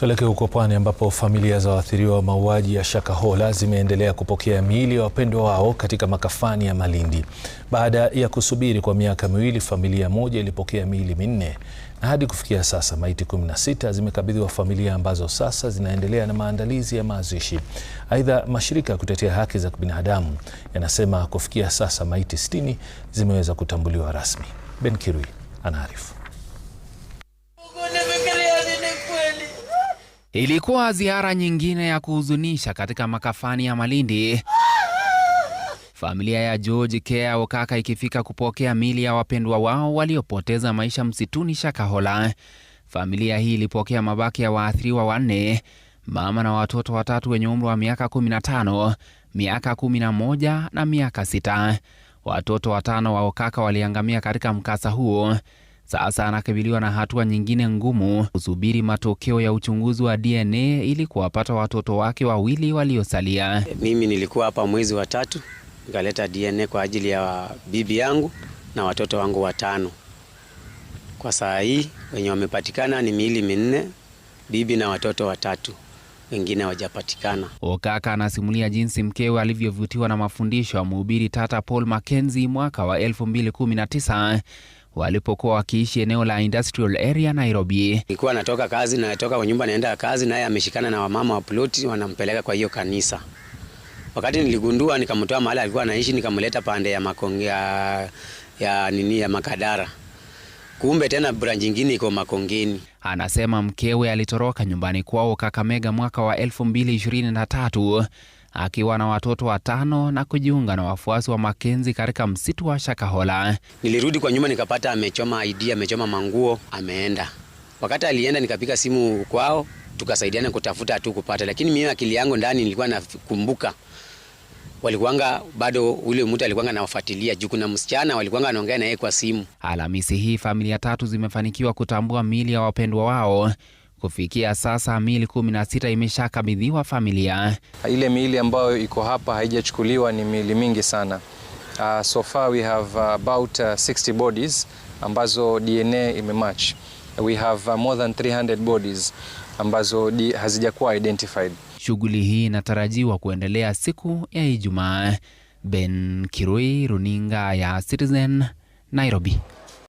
Tuelekee huko Pwani ambapo familia za waathiriwa wa mauaji ya Shakahola zimeendelea kupokea miili ya wapendwa wao katika makafani ya Malindi. Baada ya kusubiri kwa miaka miwili, familia moja ilipokea miili minne na hadi kufikia sasa maiti 16 zimekabidhiwa familia ambazo sasa zinaendelea na maandalizi ya mazishi. Aidha, mashirika ya kutetea haki za kibinadamu yanasema kufikia sasa maiti 60 zimeweza kutambuliwa rasmi. Ben Kirui anaarifu. Ilikuwa ziara nyingine ya kuhuzunisha katika makafani ya Malindi, familia ya George Kea Okaka ikifika kupokea mili ya wapendwa wao waliopoteza maisha msituni Shakahola. Familia hii ilipokea mabaki ya waathiriwa wanne, mama na watoto watatu wenye umri wa miaka 15, miaka 11 na miaka 6. Watoto watano wa Okaka waliangamia katika mkasa huo. Sasa anakabiliwa na hatua nyingine ngumu, kusubiri matokeo ya uchunguzi wa DNA ili kuwapata watoto wake wawili waliosalia. Mimi nilikuwa hapa mwezi wa tatu, nikaleta DNA kwa ajili ya bibi yangu na watoto wangu watano. Kwa saa hii wenye wamepatikana ni miili minne, bibi na watoto watatu wengine hawajapatikana. Okaka anasimulia jinsi mkewe alivyovutiwa na mafundisho ya mhubiri tata Paul Mackenzie mwaka wa 2019 walipokuwa wakiishi eneo la industrial area Nairobi. Nilikuwa natoka kazi, natoka kwa nyumba naenda kazi, naye ameshikana na wamama wa ploti wanampeleka kwa hiyo kanisa. Wakati niligundua nikamtoa mahali alikuwa anaishi, nikamleta pande ya Makonge ya, ya nini ya Makadara. Kumbe tena branch nyingine iko Makongeni. Anasema mkewe alitoroka nyumbani kwao Kakamega mwaka wa elfu mbili na tatu akiwa na watoto watano na kujiunga na wafuasi wa Makenzi katika msitu wa Shakahola. Nilirudi kwa nyuma nikapata amechoma ID, amechoma manguo, ameenda. Wakati alienda nikapiga simu kwao, tukasaidiana kutafuta tu kupata, lakini mimi akili yangu ndani nilikuwa nakumbuka walikuanga bado ule mtu alikuanga anawafuatilia juu kuna msichana walikuanga anaongea na yeye kwa simu. Alhamisi hii familia tatu zimefanikiwa kutambua miili ya wapendwa wao Kufikia sasa miili kumi na sita imeshakabidhiwa familia. Ile miili ambayo iko hapa haijachukuliwa ni miili mingi sana. Uh, so far we have ah, about 60 ah, bodies ambazo DNA imematch. We have more than 300 bodies ambazo hazijakuwa identified. Shughuli hii inatarajiwa kuendelea siku ya Ijumaa. Ben Kirui, Runinga ya Citizen, Nairobi.